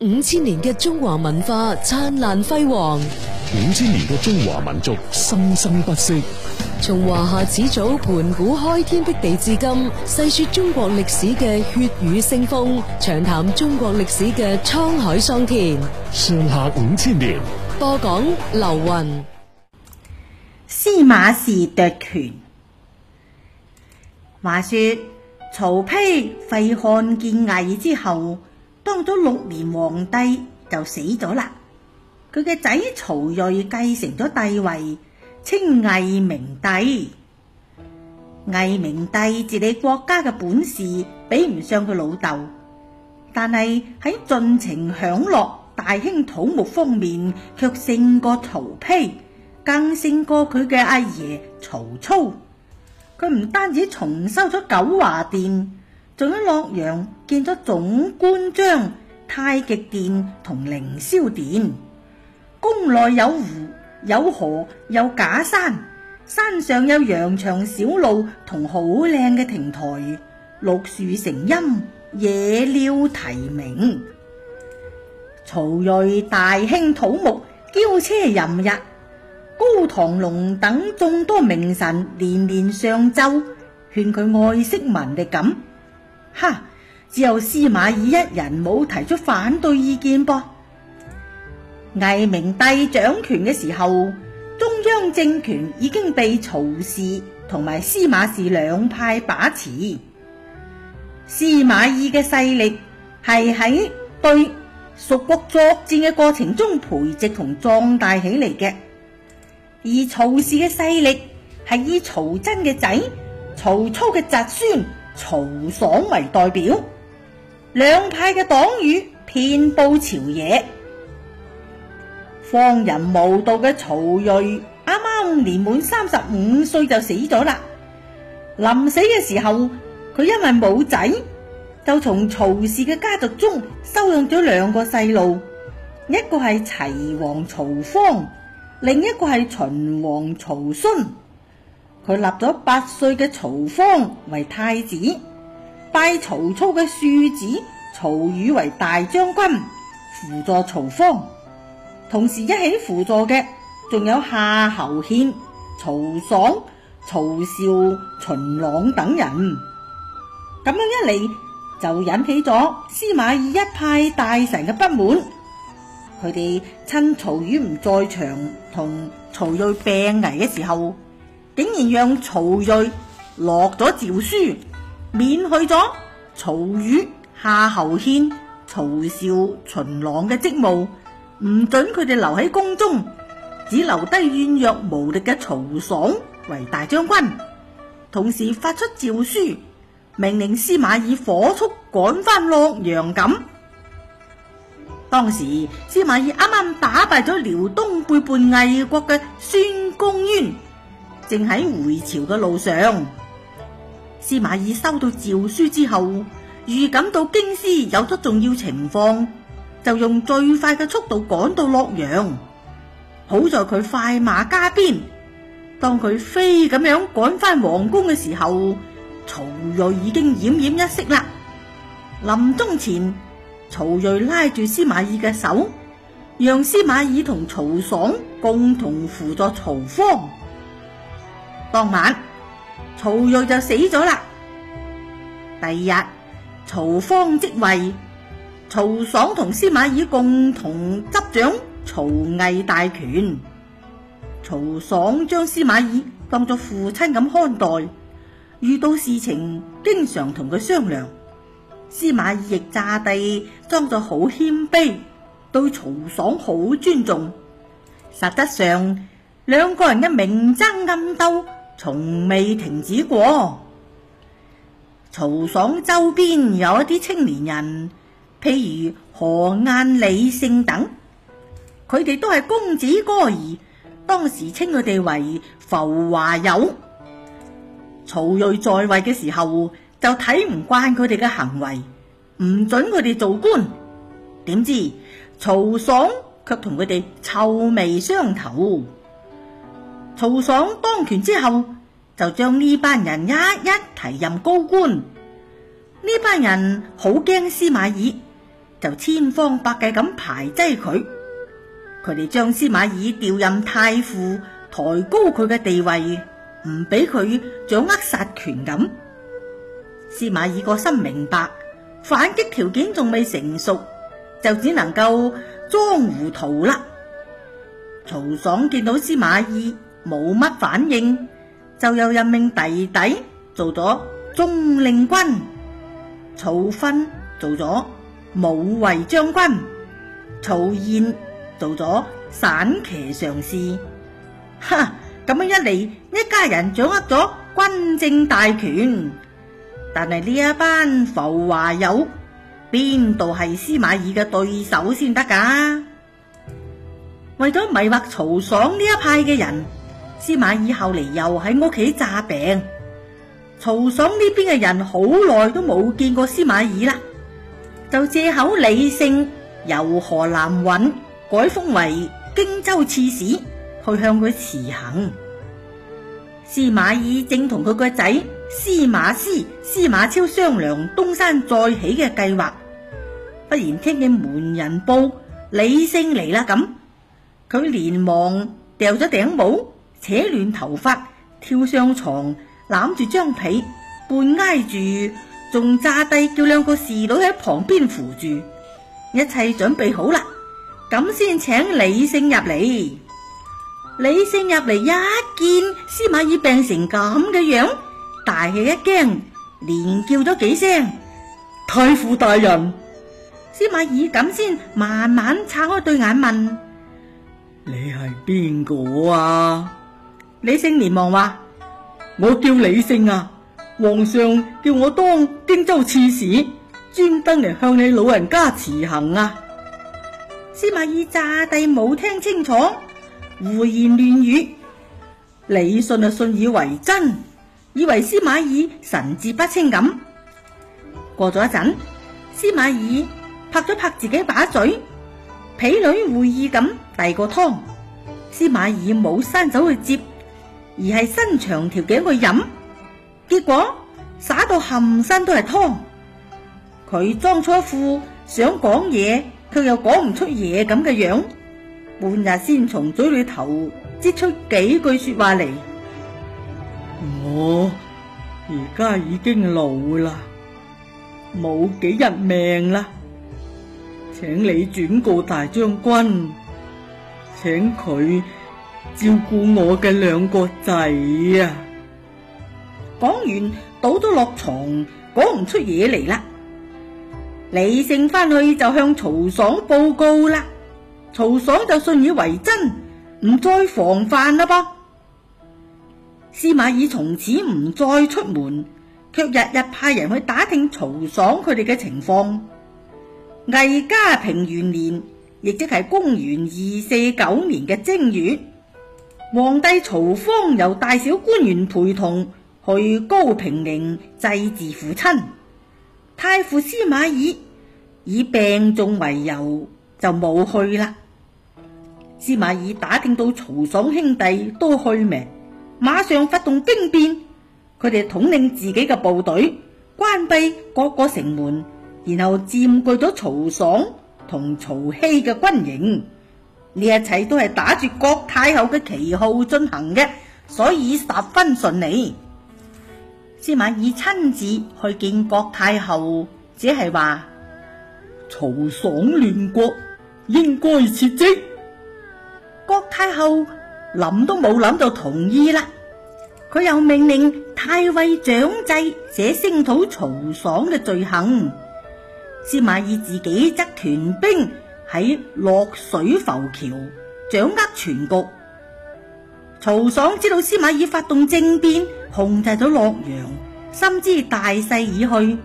五千年嘅中華文化燦爛輝煌，五千年嘅中華民族生生不息。從華夏始祖盤古開天闢地至今，細說中國歷史嘅血雨腥風，長談中國歷史嘅滄海桑田。上下五千年，播講劉云，司馬氏奪權。話說曹丕廢漢建魏之後。當咗六年皇帝就死咗啦。佢嘅仔曹睿繼承咗帝位，稱魏明帝。魏明帝治理國家嘅本事比唔上佢老豆，但係喺盡情享樂、大興土木方面卻勝過曹丕，更勝過佢嘅阿爺曹操。佢唔單止重修咗九華殿，仲喺洛陽。建咗總章觀、太極殿同凌霄殿，宮內有湖、有河、有假山，山上有羊腸小路同好靚嘅亭台，綠樹成蔭，野鳥啼鳴。曹睿大興土木，驕車淫日，高堂隆等眾多名臣連連上奏，勸佢愛惜民力。咁，哈！只有司馬懿一人冇提出反對意見噃。魏明帝掌權嘅時候，中央政權已經被曹氏同埋司馬氏兩派把持。司馬懿嘅勢力係喺對蜀國作戰嘅過程中培植同壯大起嚟嘅，而曹氏嘅勢力係以曹真嘅仔、曹操嘅侄孫曹爽為代表。兩派嘅黨羽遍布朝野，荒淫無道嘅曹睿啱啱年滿三十五歲就死咗啦。臨死嘅時候，佢因為冇仔，就從曹氏嘅家族中收養咗兩個細路，一個係齊王曹芳，另一個係秦王曹詢。佢立咗八歲嘅曹芳為太子。拜曹操嘅庶子曹宇為大將軍，輔助曹芳，同時一起輔助嘅仲有夏侯憲、曹爽、曹邵、秦朗等人。咁樣一嚟就引起咗司馬懿一派大臣嘅不滿。佢哋趁曹宇唔在場同曹睿病危嘅時候，竟然讓曹睿落咗詔書。免去咗曹宇、夏侯獻、曹邵、秦朗嘅職務，唔准佢哋留喺宮中，只留低軟弱無力嘅曹爽為大將軍。同時發出詔書，命令司馬懿火速趕返洛陽咁。當時司馬懿啱啱打敗咗遼東背叛魏國嘅孫公淵，正喺回朝嘅路上。司馬懿收到詔書之後，預感到京師有咗重要情況，就用最快嘅速度趕到洛陽。好在佢快馬加鞭，當佢飛咁樣趕翻皇宮嘅時候，曹睿已經奄奄一息啦。臨終前，曹睿拉住司馬懿嘅手，讓司馬懿同曹爽共同輔助曹芳。當晚，曹睿就死咗啦。第二日，曹芳即位，曹爽同司馬懿共同執掌曹魏大權。曹爽將司馬懿當作父親咁看待，遇到事情經常同佢商量。司馬懿亦詐諦裝作好謙卑，對曹爽好尊重。實質上，兩個人嘅明爭暗鬥，從未停止過。曹爽周邊有一啲青年人，譬如何晏、李勝等，佢哋都係公子哥兒，當時稱佢哋為浮華友。曹睿在位嘅時候就睇唔慣佢哋嘅行為，唔准佢哋做官。點知曹爽卻同佢哋臭味相投。曹爽當權之後，就將呢班人一一提任高官。呢班人好驚司馬懿，就千方百計咁排擠佢。佢哋將司馬懿調任太傅，抬高佢嘅地位，唔俾佢掌握殺權咁。司馬懿個心明白，反擊條件仲未成熟，就只能夠裝糊塗啦。曹爽見到司馬懿冇乜反應，就又任命弟弟做咗中領軍，曹訓做咗武衛將軍，曹燕做咗散騎常侍。哈，咁樣一嚟，一家人掌握咗軍政大權。但係呢一班浮華友，邊度係司馬懿嘅對手先得噶？為咗迷惑曹爽呢一派嘅人，司馬懿後嚟又喺屋企詐病，曹爽呢邊嘅人好耐都冇見過司馬懿啦，就借口李勝由河南運改封為荊州刺史去向佢辭行。司馬懿正同佢個仔司馬師、司馬昭商量東山再起嘅計劃，忽然聽見門人報李勝嚟啦咁，佢連忙掉咗頂帽。扯亂頭髮，跳上床攬住張被，半挨住，仲炸低叫兩個侍女喺旁邊扶住，一切準備好啦，咁先請李勝入嚟。李勝入嚟一見司馬懿病成咁嘅樣，大吃一驚，連叫咗幾聲太傅大人。司馬懿咁先慢慢撐開對眼問：你係邊個啊？李勝連忙話：我叫李勝啊，皇上叫我當荊州刺史，專登嚟向你老人家辭行啊。司馬懿詐地冇聽清楚，胡言亂語，李信啊信,信以為真，以為司馬懿神志不清咁。過咗一陣，司馬懿拍咗拍自己把嘴，婢女會意咁遞個湯，司馬懿冇伸手去接。而係伸長條頸去飲，結果灑到含身都係湯。佢裝出一副「想講嘢，卻又講唔出嘢咁嘅樣」，半日先從嘴裏頭擠出幾句說話嚟。我而家已經老啦，冇幾日命啦，請你轉告大將軍，請佢。照顧我嘅兩個仔啊！講完，倒咗落床，講唔出嘢嚟啦。李勝翻去就向曹爽報告啦，曹爽就信以為真，唔再防範啦。噃，司馬懿從此唔再出門，卻日日派人去打聽曹爽佢哋嘅情況。魏嘉平元年，亦即係公元二四九年嘅正月。皇帝曹芳由大小官員陪同去高平陵祭祀父親，太傅司馬懿以病重為由就冇去啦。司馬懿打聽到曹爽兄弟都去未，馬上發動兵變，佢哋統領自己嘅部隊，關閉各個城門，然後佔據咗曹爽同曹羲嘅軍營。呢一切都係打住郭太后嘅旗號進行嘅，所以十分順利。司馬懿親自去見郭太后，只係話曹爽亂國，應該撤職。郭太后諗都冇諗就同意啦。佢又命令太尉掌制寫聲討曹爽嘅罪行。司馬懿自己則屯兵。喺洛水浮橋掌握全局，曹爽知道司馬懿發動政變控制咗洛陽，深知大勢已去，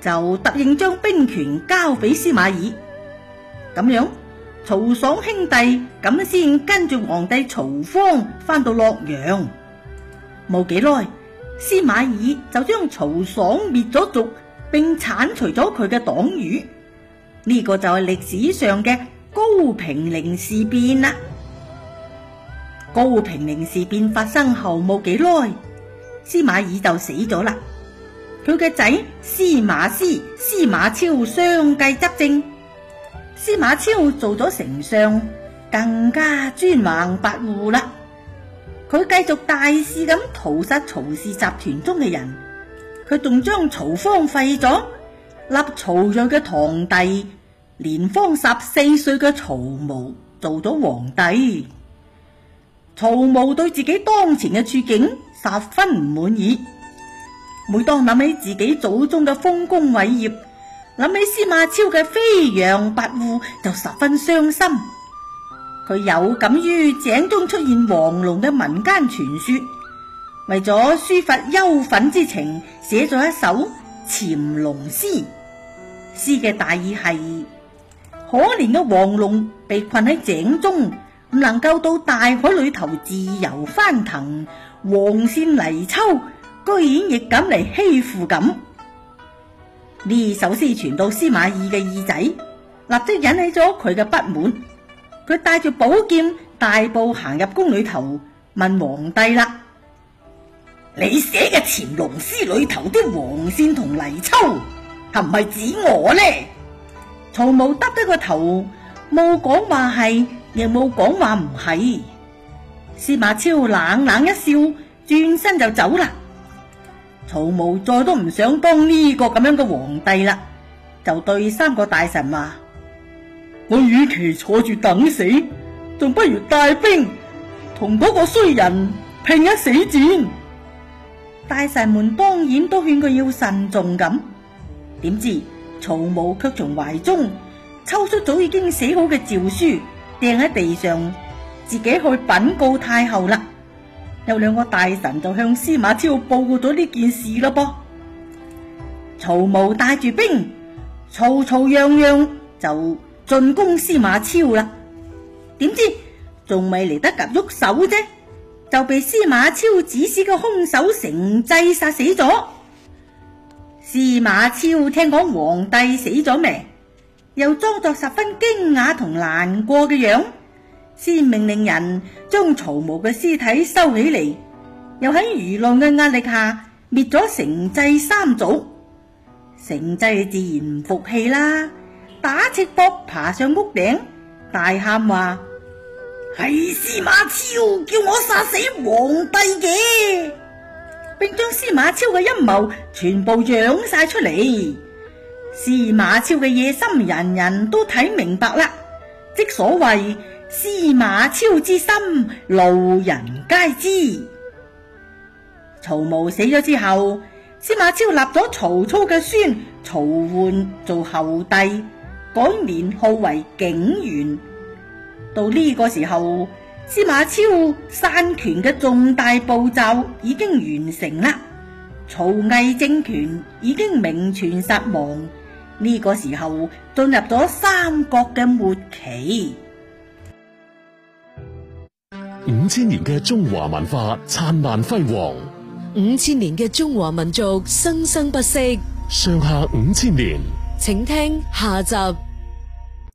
就答應將兵權交俾司馬懿。咁樣，曹爽兄弟咁先跟住皇帝曹芳翻到洛陽。冇幾耐，司馬懿就將曹爽滅咗族，並鏟除咗佢嘅黨羽。呢個就係歷史上嘅高平陵事變啦。高平陵事變發生後冇幾耐，司馬懿就死咗啦。佢嘅仔司馬師、司馬昭相繼執政。司馬昭做咗丞相，更加專橫跋扈啦。佢繼續大肆咁屠殺曹氏集團中嘅人，佢仲將曹芳廢咗。立曹睿嘅堂弟，年方十四歲嘅曹髦做咗皇帝。曹髦對自己當前嘅處境十分唔滿意，每當諗起自己祖宗嘅豐功偉業，諗起司馬昭嘅飛揚跋扈，就十分傷心。佢有感於井中出現黃龍嘅民間傳說，為咗抒發憂憤之情，寫咗一首。《潛龍詩》詩嘅大意係：可憐嘅黃龍被困喺井中，唔能夠到大海裏頭自由翻騰，黃鱔泥鰍居然亦敢嚟欺負咁。呢首詩傳到司馬懿嘅耳仔，立即引起咗佢嘅不滿。佢帶住寶劍，大步行入宮裏頭，問皇帝啦。你寫嘅《潛龍詩》裏頭啲黃鱔同泥鰍係唔係指我呢？曹髦耷低個頭，冇講話係，亦冇講話唔係。司馬超冷冷冷一笑，轉身就走啦。曹髦再都唔想當呢個咁樣嘅皇帝啦，就對三個大臣話：我與其坐住等死，仲不如帶兵同嗰個衰人拼一死戰。大臣們當然都勸佢要慎重咁，點知曹髦卻從懷中抽出早已經寫好嘅詔書，掟喺地上，自己去禀告太后啦。有兩個大臣就向司馬昭報告咗呢件事咯，噃。曹髦帶住兵，嘈嘈嚷嚷就進攻司馬昭啦。點知仲未嚟得及喐手啫，就被司馬昭指使嘅凶手成濟殺死咗。司馬昭聽講皇帝死咗未，又裝作十分驚訝同難過嘅樣，先命令人將曹髦嘅屍體收起嚟，又喺輿論嘅壓力下滅咗成濟三族。成濟自然唔服氣啦，打赤膊爬上屋頂，大喊話。係司馬昭叫我殺死皇帝嘅，並將司馬昭嘅陰謀全部揚晒出嚟。司馬昭嘅野心人人都睇明白啦，即所謂司馬昭之心，路人皆知。曹髦死咗之後，司馬昭立咗曹操嘅孫曹奐做後帝，改年號為景元。到呢個時候，司馬昭篡權嘅重大步驟已經完成啦，曹魏政權已經名存實亡。呢個時候進入咗三國嘅末期。五千年嘅中華文化燦爛輝煌，五千年嘅中華民族生生不息。上下五千年，請聽下集。